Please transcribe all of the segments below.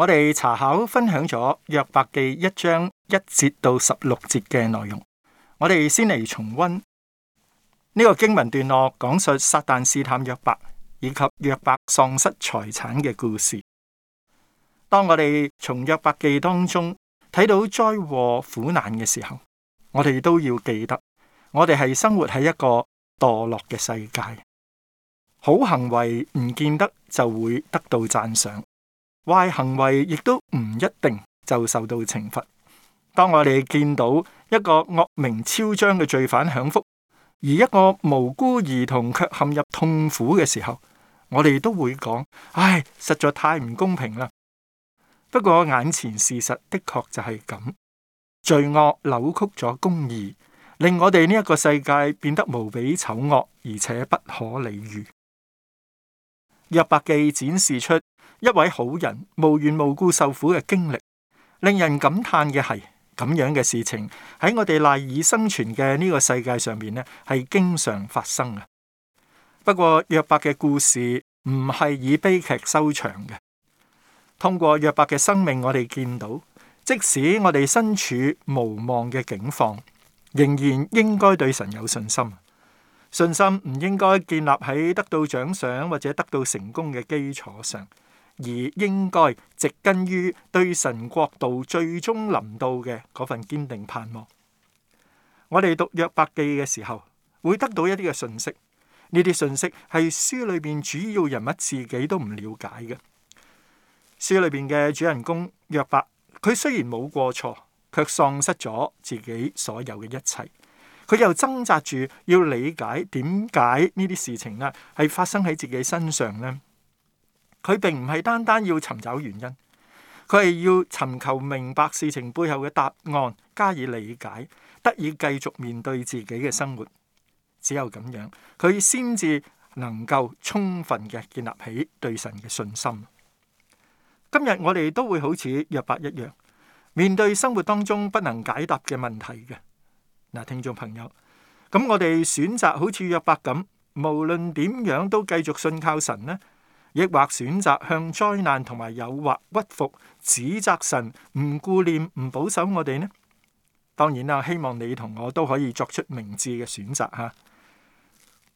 我哋查考分享咗約伯記一章一節到十六節嘅內容，我哋先嚟重溫呢、這個經文段落，講述撒旦試探約伯以及約伯喪失財產嘅故事。當我哋從約伯記當中睇到災禍苦難嘅時候，我哋都要記得，我哋係生活喺一個墮落嘅世界，好行為唔見得就會得到讚賞。壞行為亦都唔一定就受到懲罰。當我哋見到一個惡名昭彰嘅罪犯享福，而一個無辜兒童卻陷入痛苦嘅時候，我哋都會講：「唉，實在太唔公平啦！不過眼前事實的確就係咁，罪惡扭曲咗公義，令我哋呢一個世界變得無比醜惡，而且不可理喻。約伯記展示出一位好人無緣無故受苦嘅經歷，令人感嘆嘅係咁樣嘅事情喺我哋賴以生存嘅呢個世界上面呢，係經常發生啊。不過，約伯嘅故事唔係以悲劇收場嘅。通過約伯嘅生命，我哋見到，即使我哋身處無望嘅境況，仍然應該對神有信心。信心唔應該建立喺得到獎賞或者得到成功嘅基礎上。而應該植根於對神國度最終臨到嘅嗰份堅定盼望。我哋讀約伯記嘅時候，會得到一啲嘅信息。呢啲信息係書裏邊主要人物自己都唔了解嘅。書裏邊嘅主人公約伯，佢雖然冇過錯，卻喪失咗自己所有嘅一切。佢又掙扎住要理解點解呢啲事情呢係發生喺自己身上呢。佢並唔係單單要尋找原因，佢係要尋求明白事情背後嘅答案，加以理解，得以繼續面對自己嘅生活。只有咁樣，佢先至能夠充分嘅建立起對神嘅信心。今日我哋都會好似約伯一樣，面對生活當中不能解答嘅問題嘅。嗱，聽眾朋友，咁我哋選擇好似約伯咁，無論點樣都繼續信靠神呢？亦或選擇向災難同埋誘惑屈服，指責神唔顧念、唔保守我哋呢？當然啦，希望你同我都可以作出明智嘅選擇嚇。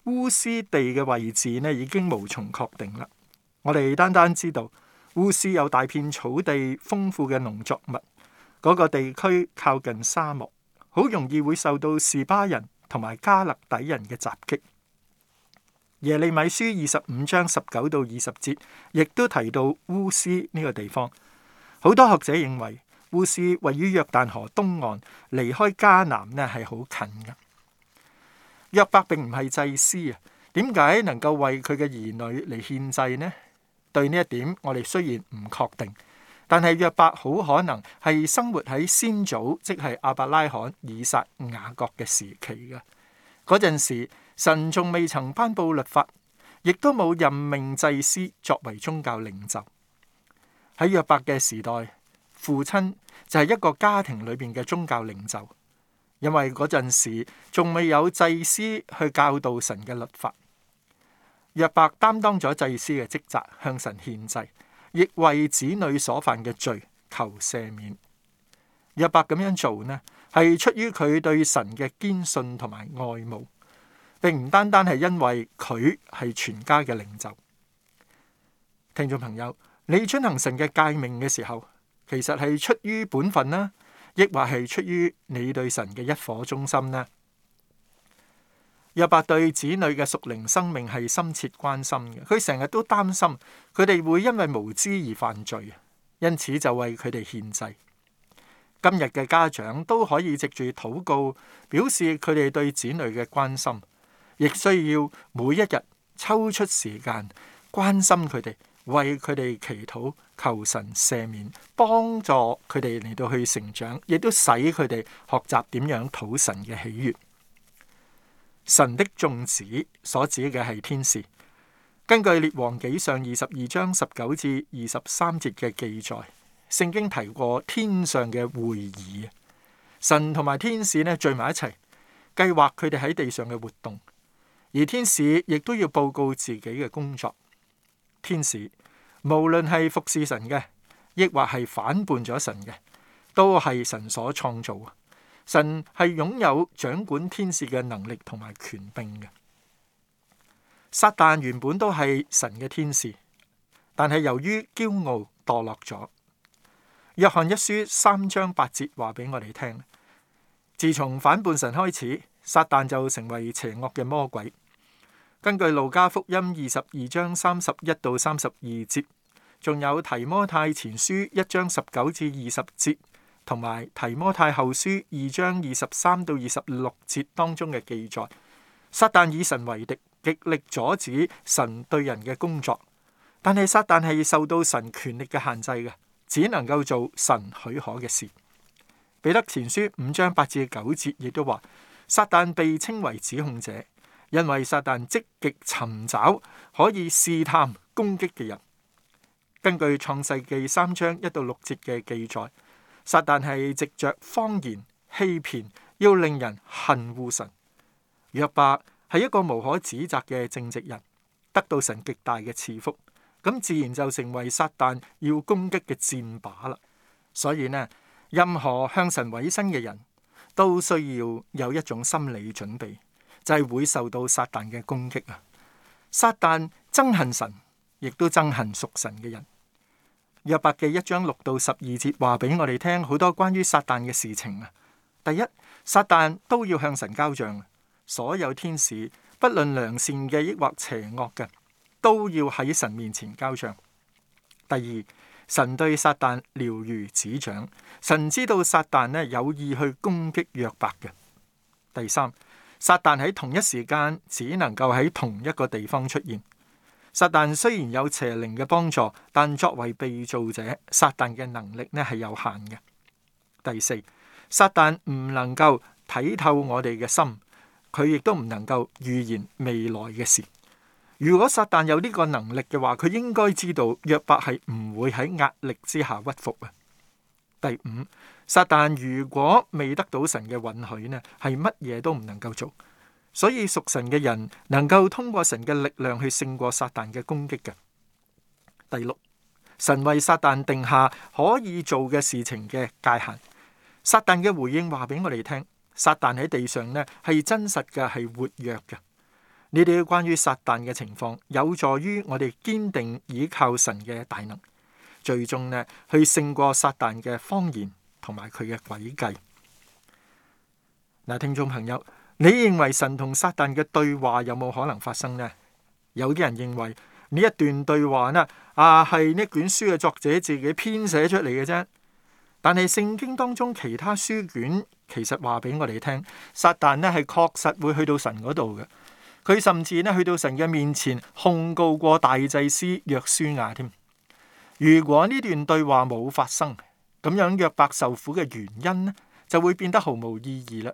烏斯地嘅位置呢，已經無從確定啦。我哋單單知道烏斯有大片草地、豐富嘅農作物，嗰個地區靠近沙漠，好容易會受到士巴人同埋加勒底人嘅襲擊。耶利米書二十五章十九到二十節，亦都提到烏斯呢個地方。好多學者認為烏斯位於約旦河東岸，離開迦南呢係好近嘅。約伯並唔係祭司啊，點解能夠為佢嘅兒女嚟獻祭呢？對呢一點我哋雖然唔確定，但係約伯好可能係生活喺先祖，即係亞伯拉罕、以撒、雅各嘅時期嘅嗰陣時。神仲未曾頒布律法，亦都冇任命祭司作為宗教領袖。喺約伯嘅時代，父親就係一個家庭裏邊嘅宗教領袖，因為嗰陣時仲未有祭司去教導神嘅律法。約伯擔當咗祭司嘅職責，向神獻祭，亦為子女所犯嘅罪求赦免。約伯咁樣做呢，係出於佢對神嘅堅信同埋愛慕。並唔單單係因為佢係全家嘅領袖。聽眾朋友，你遵行神嘅誡命嘅時候，其實係出於本分啦，亦或係出於你對神嘅一顆忠心呢？約伯對子女嘅屬靈生命係深切關心嘅，佢成日都擔心佢哋會因為無知而犯罪，因此就為佢哋獻祭。今日嘅家長都可以藉住禱告，表示佢哋對子女嘅關心。亦需要每一日抽出時間關心佢哋，為佢哋祈禱，求神赦免，幫助佢哋嚟到去成長，亦都使佢哋學習點樣討神嘅喜悅。神的眾子所指嘅係天使，根據《列王紀上》二十二章十九至二十三節嘅記載，聖經提過天上嘅會議，神同埋天使呢聚埋一齊計劃佢哋喺地上嘅活動。而天使亦都要報告自己嘅工作。天使無論係服侍神嘅，亦或係反叛咗神嘅，都係神所創造。神係擁有掌管天使嘅能力同埋權柄嘅。撒旦原本都係神嘅天使，但係由於驕傲墮落咗。約翰一書三章八節話俾我哋聽：「自從反叛神開始，撒旦就成為邪惡嘅魔鬼。根據路加福音二十二章三十一到三十二節，仲有提摩太前書一章十九至二十節，同埋提摩太後書二章二十三到二十六節當中嘅記載，撒旦以神為敵，極力阻止神對人嘅工作。但係撒旦係受到神權力嘅限制嘅，只能夠做神許可嘅事。彼得前書五章八至九節亦都話，撒旦被稱為指控者。因為撒旦積極尋找可以試探攻擊嘅人。根據創世記三章一到六節嘅記載，撒旦係藉着謊言欺騙，要令人恨惡神。約伯係一個無可指責嘅正直人，得到神極大嘅賜福，咁自然就成為撒旦要攻擊嘅箭靶啦。所以呢，任何向神委身嘅人都需要有一種心理準備。就係會受到撒旦嘅攻擊啊！撒旦憎恨神，亦都憎恨屬神嘅人。約伯記一章六到十二節話俾我哋聽，好多關於撒旦嘅事情啊！第一，撒旦都要向神交賬，所有天使不論良善嘅，抑或邪惡嘅，都要喺神面前交賬。第二，神對撒旦了如指掌，神知道撒旦咧有意去攻擊約伯嘅。第三。撒旦喺同一時間只能夠喺同一個地方出現。撒旦雖然有邪靈嘅幫助，但作為被造者，撒旦嘅能力呢係有限嘅。第四，撒旦唔能夠睇透我哋嘅心，佢亦都唔能夠預言未來嘅事。如果撒旦有呢個能力嘅話，佢應該知道約伯係唔會喺壓力之下屈服啊。第五。撒旦如果未得到神嘅允許呢，係乜嘢都唔能夠做。所以屬神嘅人能夠通過神嘅力量去勝過撒旦嘅攻擊。嘅。第六，神為撒旦定下可以做嘅事情嘅界限。撒旦嘅回應話俾我哋聽：「撒旦喺地上呢係真實嘅，係活躍嘅。呢啲關於撒旦嘅情況，有助於我哋堅定依靠神嘅大能，最終呢去勝過撒旦嘅謊言。同埋佢嘅詭計。嗱，聽眾朋友，你認為神同撒旦嘅對話有冇可能發生呢？有啲人認為呢一段對話呢，啊，係呢卷書嘅作者自己編寫出嚟嘅啫。但係聖經當中其他書卷其實話俾我哋聽，撒旦呢係確實會去到神嗰度嘅。佢甚至呢去到神嘅面前控告過大祭司約書亞添。如果呢段對話冇發生，咁樣約伯受苦嘅原因呢，就會變得毫無意義啦。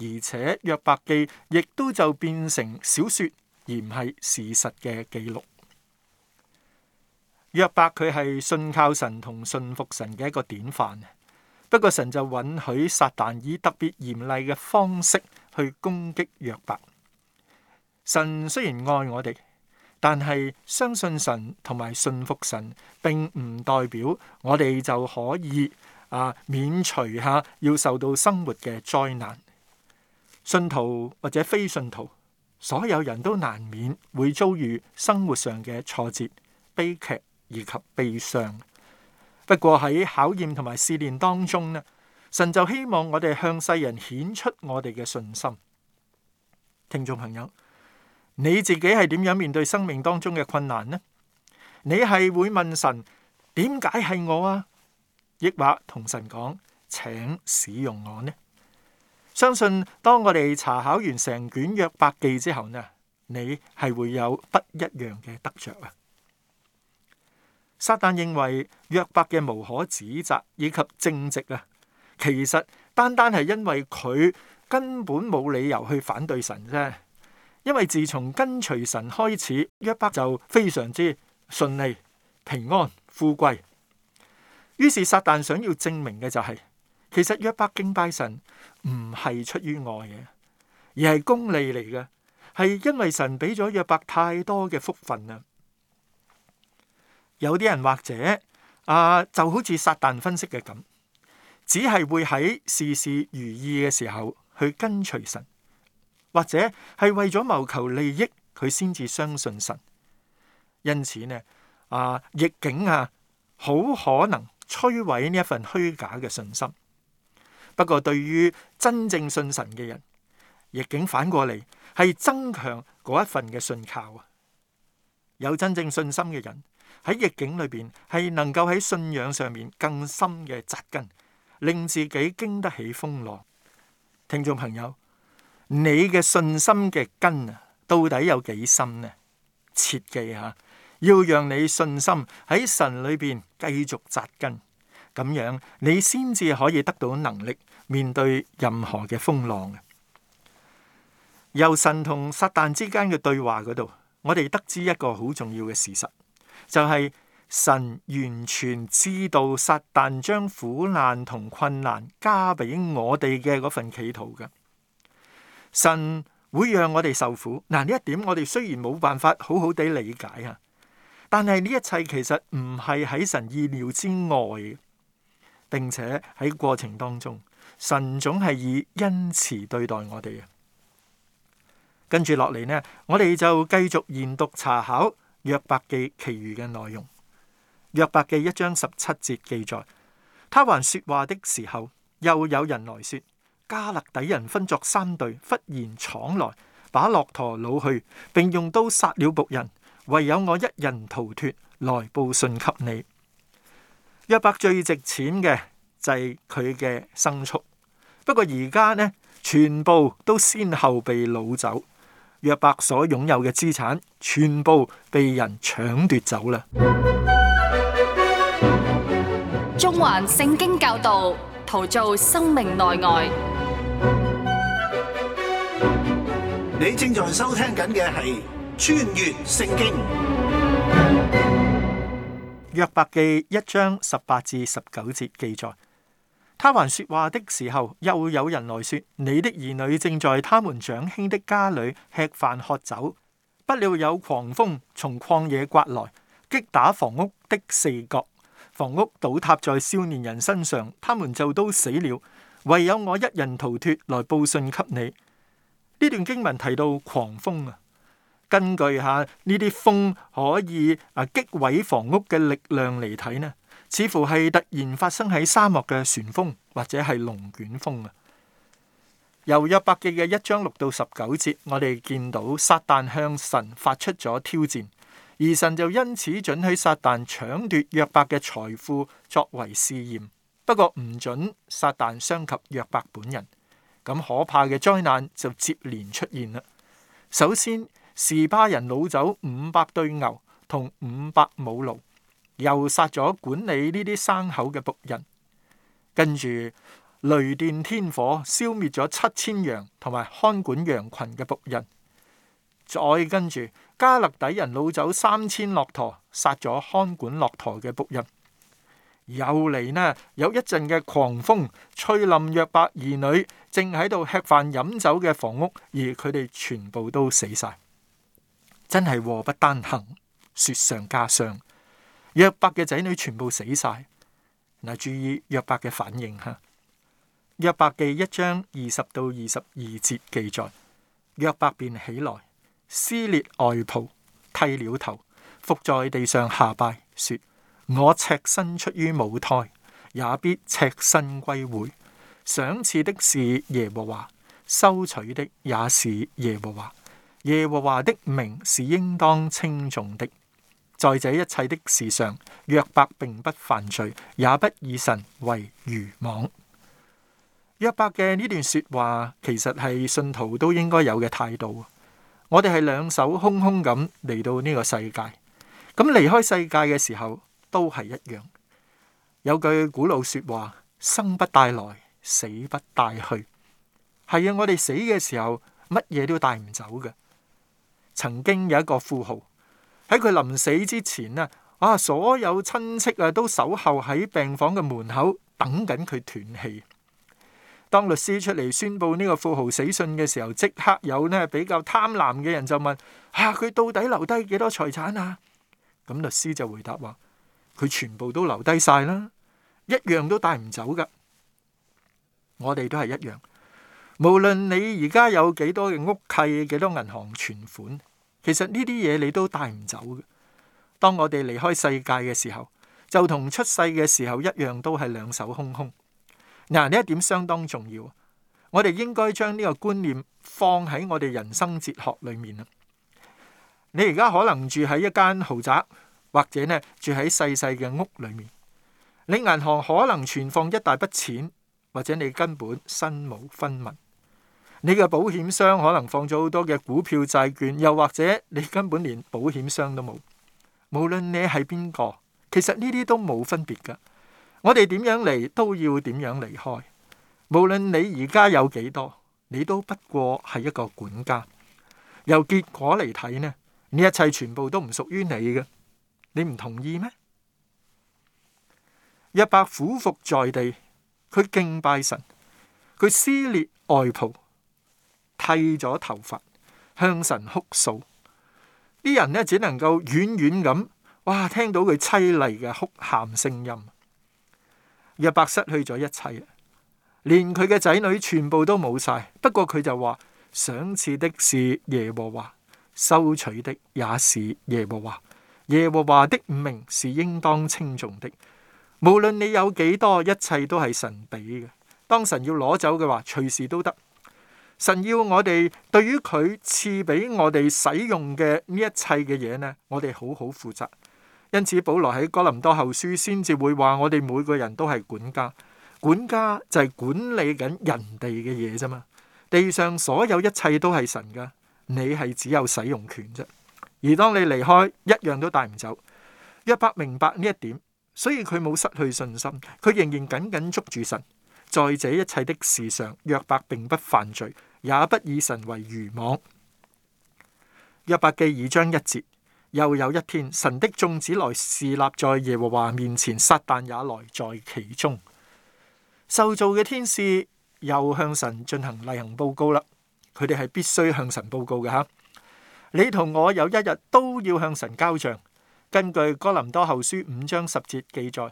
而且約伯記亦都就變成小說，而唔係事實嘅記錄。約伯佢係信靠神同信服神嘅一個典範，不過神就允許撒旦以特別嚴厲嘅方式去攻擊約伯。神雖然愛我哋。但係相信神同埋信服神，並唔代表我哋就可以啊免除下要受到生活嘅災難。信徒或者非信徒，所有人都難免會遭遇生活上嘅挫折、悲劇以及悲傷。不過喺考驗同埋試煉當中呢，神就希望我哋向世人顯出我哋嘅信心。聽眾朋友，你自己係點樣面對生命當中嘅困難呢？你係會問神點解係我啊，抑或同神講請使用我呢？相信當我哋查考完成卷約伯記之後呢，你係會有不一樣嘅得着啊！撒旦認為約伯嘅無可指責以及正直啊，其實單單係因為佢根本冇理由去反對神啫。因為自從跟隨神開始，約伯就非常之順利、平安、富貴。於是撒旦想要證明嘅就係、是，其實約伯敬拜神唔係出於愛嘅，而係功利嚟嘅，係因為神俾咗約伯太多嘅福分啊！有啲人或者啊，就好似撒旦分析嘅咁，只係會喺事事如意嘅時候去跟隨神。或者係為咗謀求利益，佢先至相信神。因此呢，啊逆境啊，好可能摧毀呢一份虛假嘅信心。不過，對於真正信神嘅人，逆境反過嚟係增強嗰一份嘅信靠啊！有真正信心嘅人喺逆境裏邊，係能夠喺信仰上面更深嘅扎根，令自己經得起風浪。聽眾朋友，你嘅信心嘅根啊，到底有幾深呢？切記吓，要讓你信心喺神裏邊繼續扎根，咁樣你先至可以得到能力面對任何嘅風浪。由神同撒旦之間嘅對話嗰度，我哋得知一個好重要嘅事實，就係、是、神完全知道撒旦將苦難同困難加俾我哋嘅嗰份企圖嘅。神會讓我哋受苦，嗱，呢一點我哋雖然冇辦法好好地理解啊，但係呢一切其實唔係喺神意料之外嘅，並且喺過程當中，神總係以恩慈對待我哋嘅。跟住落嚟呢，我哋就繼續研讀查考約伯記其餘嘅內容。約伯記一章十七節記載，他還說話的時候，又有人來說。加勒底人分作三隊，忽然闖來，把駱駝擄去，並用刀殺了僕人，唯有我一人逃脱，來報信給你。約伯最值錢嘅就係佢嘅牲畜，不過而家呢，全部都先後被擄走，約伯所擁有嘅資產，全部被人搶奪走啦。中環聖經教導，陶造生命內外。你正在收聽緊嘅係《穿越聖經》。約伯記一章十八至十九節記載，他還說話的時候，又有人來說：你的兒女正在他們長兄的家裏吃飯喝酒。不料有狂風從曠野颳來，擊打房屋的四角，房屋倒塌在少年人身上，他們就都死了。唯有我一人逃脫，來報信給你。呢段經文提到狂風啊，根據下呢啲風可以啊擊毀房屋嘅力量嚟睇呢，似乎係突然發生喺沙漠嘅旋風或者係龍捲風啊。由約伯記嘅一章六到十九節，我哋見到撒旦向神發出咗挑戰，而神就因此准許撒旦搶奪約伯嘅財富作為試驗，不過唔準撒旦傷及約伯本人。咁可怕嘅災難就接連出現啦。首先，示巴人擄走五百對牛同五百母驢，又殺咗管理呢啲牲口嘅僕人。跟住，雷電天火消滅咗七千羊同埋看管羊群嘅僕人。再跟住，迦勒底人擄走三千駱駝，殺咗看管駱駝嘅僕人。又嚟呢？有一陣嘅狂風吹冧約伯兒女，正喺度吃飯飲酒嘅房屋，而佢哋全部都死晒，真係禍不單行，雪上加霜。約伯嘅仔女全部死晒，嗱，注意約伯嘅反應嚇。約伯記一章二十到二十二節記載：約伯便起來，撕裂外袍，剃了頭，伏在地上下拜，說。我赤身出於母胎，也必赤身歸回。賞賜的是耶和華，收取的也是耶和華。耶和華的名是應當稱頌的。在這一切的事上，約伯並不犯罪，也不以神為愚妄。約伯嘅呢段說話，其實係信徒都應該有嘅態度。我哋係兩手空空咁嚟到呢個世界，咁離開世界嘅時候。都係一樣，有句古老說話：生不帶來，死不帶去。係啊，我哋死嘅時候，乜嘢都帶唔走嘅。曾經有一個富豪喺佢臨死之前呀，啊，所有親戚啊都守候喺病房嘅門口等緊佢斷氣。當律師出嚟宣佈呢個富豪死訊嘅時候，即刻有呢比較貪婪嘅人就問：啊，佢到底留低幾多財產啊？咁律師就回答話。佢全部都留低晒啦，一樣都帶唔走㗎。我哋都係一樣，無論你而家有幾多嘅屋契、幾多銀行存款，其實呢啲嘢你都帶唔走㗎。當我哋離開世界嘅時候，就同出世嘅時候一樣，都係兩手空空。嗱，呢一點相當重要。我哋應該將呢個觀念放喺我哋人生哲學裏面啊。你而家可能住喺一間豪宅。或者呢住喺細細嘅屋裏面，你銀行可能存放一大筆錢，或者你根本身無分文。你嘅保險箱可能放咗好多嘅股票債券，又或者你根本連保險箱都冇。無論你係邊個，其實呢啲都冇分別㗎。我哋點樣嚟，都要點樣離開。無論你而家有幾多，你都不過係一個管家。由結果嚟睇，呢，呢一切全部都唔屬於你嘅。你唔同意咩？約伯俯伏在地，佢敬拜神，佢撕裂外袍，剃咗頭髮，向神哭訴。啲人呢，只能夠遠遠咁，哇，聽到佢淒厲嘅哭喊聲音。約伯失去咗一切，連佢嘅仔女全部都冇晒。不過佢就話：賞賜的是耶和華，收取的也是耶和華。耶和華的五名是應當稱重的，無論你有幾多，一切都係神俾嘅。當神要攞走嘅話，隨時都得。神要我哋對於佢賜俾我哋使用嘅呢一切嘅嘢呢，我哋好好負責。因此保羅喺哥林多後書先至會話，我哋每個人都係管家，管家就係管理緊人哋嘅嘢啫嘛。地上所有一切都係神噶，你係只有使用權啫。而當你離開，一樣都帶唔走。約伯明白呢一點，所以佢冇失去信心，佢仍然緊緊捉住神。在這一切的事上，約伯並不犯罪，也不以神為愚妄。約伯記二章一節，又有一天，神的眾子來侍立在耶和華面前，撒旦也來在其中。受造嘅天使又向神進行例行報告啦，佢哋係必須向神報告㗎。你同我有一日都要向神交賬。根據哥林多後書五章十節記載，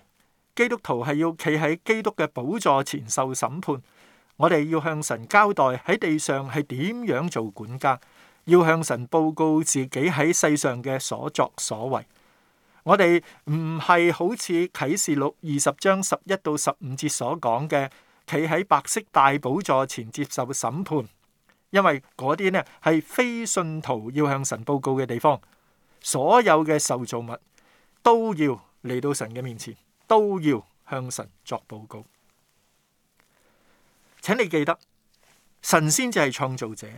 基督徒係要企喺基督嘅寶座前受審判。我哋要向神交代喺地上係點樣做管家，要向神報告自己喺世上嘅所作所為。我哋唔係好似啟示錄二十章十一到十五節所講嘅，企喺白色大寶座前接受審判。因為嗰啲呢係非信徒要向神報告嘅地方，所有嘅受造物都要嚟到神嘅面前，都要向神作報告。請你記得，神先至係創造者，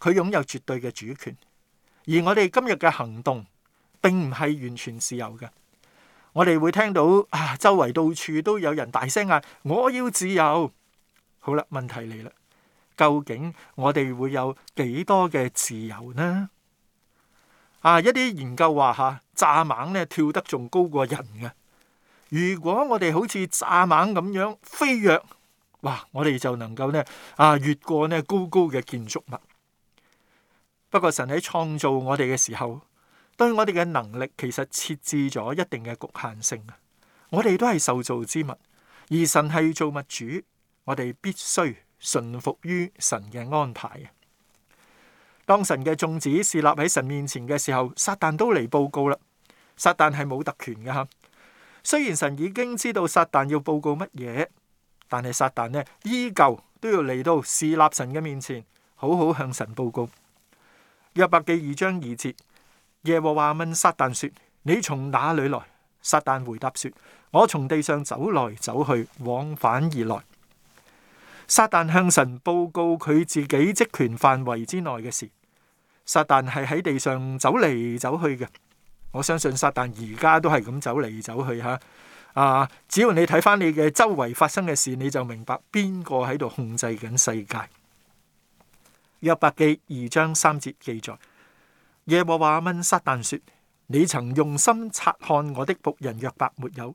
佢擁有絕對嘅主權。而我哋今日嘅行動，並唔係完全自由嘅。我哋會聽到啊，周圍到處都有人大聲嗌：我要自由！好啦，問題嚟啦。究竟我哋會有幾多嘅自由呢？啊，一啲研究話吓，蚱蜢咧跳得仲高過人嘅。如果我哋好似蚱蜢咁樣飛躍，哇！我哋就能夠咧啊，越過呢高高嘅建築物。不過神喺創造我哋嘅時候，對我哋嘅能力其實設置咗一定嘅局限性啊。我哋都係受造之物，而神係造物主，我哋必須。順服於神嘅安排啊！當神嘅眾子侍立喺神面前嘅時候，撒旦都嚟報告啦。撒旦係冇特權嘅吓，雖然神已經知道撒旦要報告乜嘢，但係撒旦呢，依舊都要嚟到侍立神嘅面前，好好向神報告。約伯記二章二節，耶和華問撒旦說：你從哪裏來？撒旦回答說：我從地上走來走去，往返而來。撒旦向神報告佢自己職權範圍之內嘅事。撒旦係喺地上走嚟走去嘅，我相信撒旦而家都係咁走嚟走去吓。啊，只要你睇翻你嘅周圍發生嘅事，你就明白邊個喺度控制緊世界。約伯記二章三節記載：耶和華問撒旦說：你曾用心察看我的僕人約伯沒有？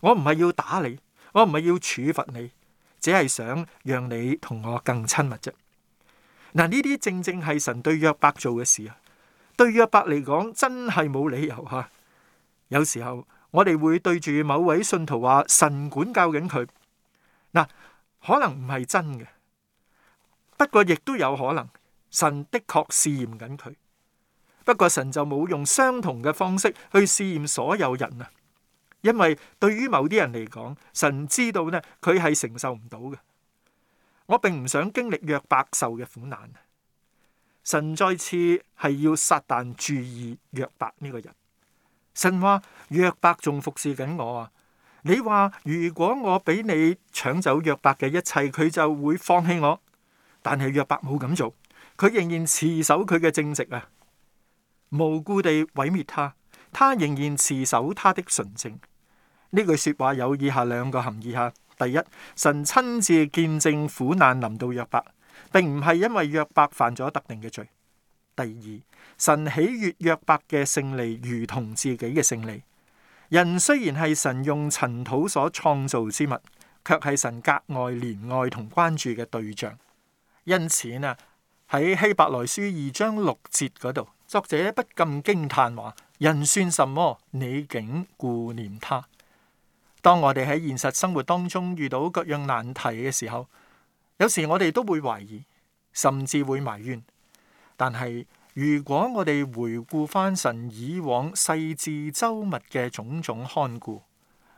我唔係要打你，我唔係要處罰你，只係想讓你同我更親密啫。嗱，呢啲正正係神對約伯做嘅事啊！對約伯嚟講，真係冇理由吓。有時候我哋會對住某位信徒話神管教緊佢，嗱，可能唔係真嘅，不過亦都有可能神的確試驗緊佢。不過神就冇用相同嘅方式去試驗所有人啊。因為對於某啲人嚟講，神知道呢，佢係承受唔到嘅。我並唔想經歷約伯受嘅苦難。神再次係要撒但注意約伯呢個人。神話約伯仲服侍緊我啊！你話如果我俾你搶走約伯嘅一切，佢就會放棄我。但係約伯冇咁做，佢仍然持守佢嘅正直啊！無故地毀滅他。他仍然持守他的純正。呢句說話有以下兩個含義哈。第一，神親自見證苦難臨到約伯，並唔係因為約伯犯咗特定嘅罪。第二，神喜悅約伯嘅勝利，如同自己嘅勝利。人雖然係神用塵土所創造之物，卻係神格外憐愛同關注嘅對象。因此啊，喺希伯來書二章六節嗰度，作者不禁驚嘆話。人算什麼？你竟顧念他。當我哋喺現實生活當中遇到各樣難題嘅時候，有時我哋都會懷疑，甚至會埋怨。但係如果我哋回顧翻神以往細緻周密嘅種種看顧，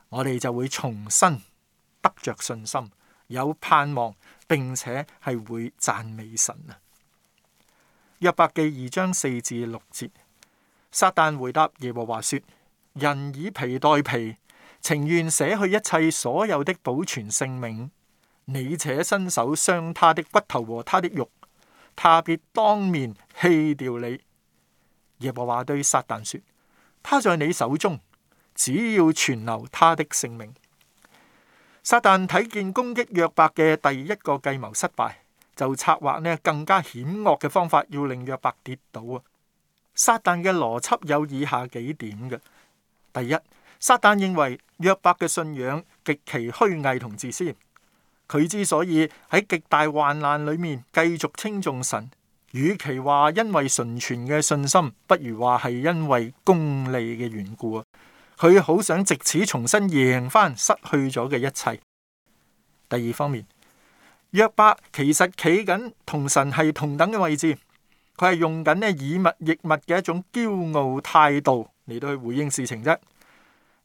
我哋就會重新得着信心，有盼望，並且係會讚美神啊。約伯記二章四至六節。撒旦回答耶和華說：人以皮代皮，情願捨去一切所有的，保存性命。你且伸手傷他的骨頭和他的肉，他必當面棄掉你。耶和華對撒旦說：他在你手中，只要存留他的性命。撒旦睇見攻擊約伯嘅第一個計謀失敗，就策劃呢更加險惡嘅方法，要令約伯跌倒啊！撒旦嘅邏輯有以下幾點嘅：第一，撒旦認為約伯嘅信仰極其虛偽同自私。佢之所以喺極大患難裏面繼續稱頌神，與其話因為純全嘅信心，不如話係因為功利嘅緣故啊！佢好想借此重新贏翻失去咗嘅一切。第二方面，約伯其實企緊同神係同等嘅位置。佢係用緊呢以物易物嘅一種驕傲態度嚟到去回應事情啫，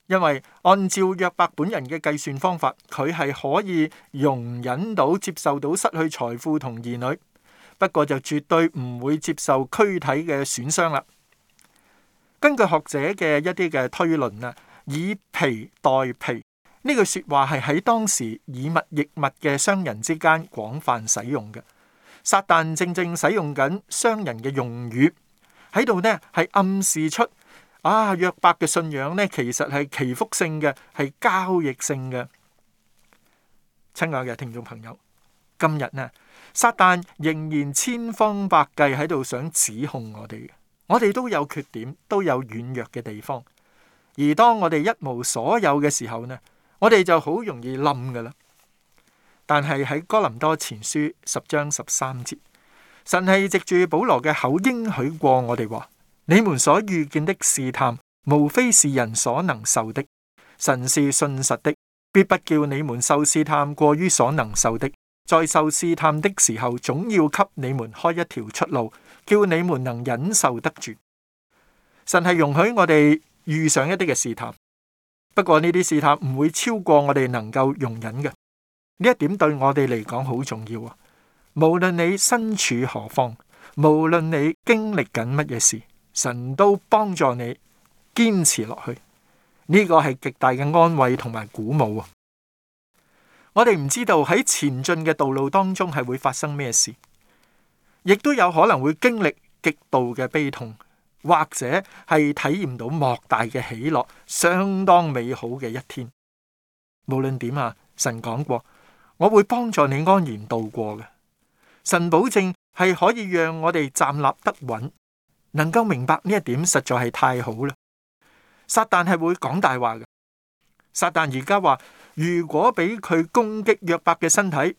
因為按照約伯本人嘅計算方法，佢係可以容忍到接受到失去財富同兒女，不過就絕對唔會接受軀體嘅損傷啦。根據學者嘅一啲嘅推論啊，以皮代皮呢句説話係喺當時以物易物嘅商人之間廣泛使用嘅。撒旦正正使用緊商人嘅用語，喺度呢係暗示出啊，約伯嘅信仰呢其實係祈福性嘅，係交易性嘅。親愛嘅聽眾朋友，今日呢，撒旦仍然千方百計喺度想指控我哋嘅，我哋都有缺點，都有軟弱嘅地方。而當我哋一無所有嘅時候呢，我哋就好容易冧㗎喇。但係喺哥林多前書十章十三節，神係藉住保羅嘅口應許過我哋話：你們所遇見的試探，無非是人所能受的。神是信實的，必不叫你們受試探過於所能受的。在受試探的時候，總要給你們開一條出路，叫你們能忍受得住。神係容許我哋遇上一啲嘅試探，不過呢啲試探唔會超過我哋能夠容忍嘅。呢一點對我哋嚟講好重要啊！無論你身處何方，無論你經歷緊乜嘢事，神都幫助你堅持落去。呢個係極大嘅安慰同埋鼓舞啊！我哋唔知道喺前進嘅道路當中係會發生咩事，亦都有可能會經歷極度嘅悲痛，或者係體驗到莫大嘅喜樂，相當美好嘅一天。無論點啊，神講過。我會幫助你安然度過嘅，神保證係可以讓我哋站立得穩，能夠明白呢一點實在係太好啦。撒旦係會講大話嘅，撒旦而家話如果俾佢攻擊約伯嘅身體，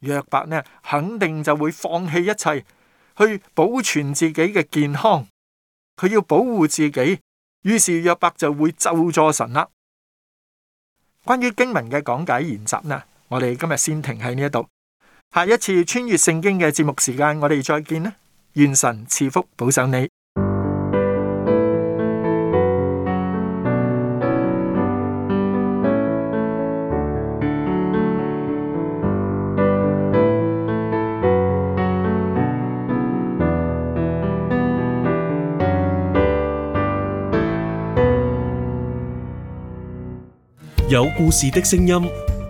約伯呢，肯定就會放棄一切去保存自己嘅健康，佢要保護自己，於是約伯就會咒詛神啦。關於經文嘅講解研習呢？我哋今日先停喺呢一度，下一次穿越聖經嘅節目時間，我哋再見啦！願神賜福保佑你。有故事的聲音。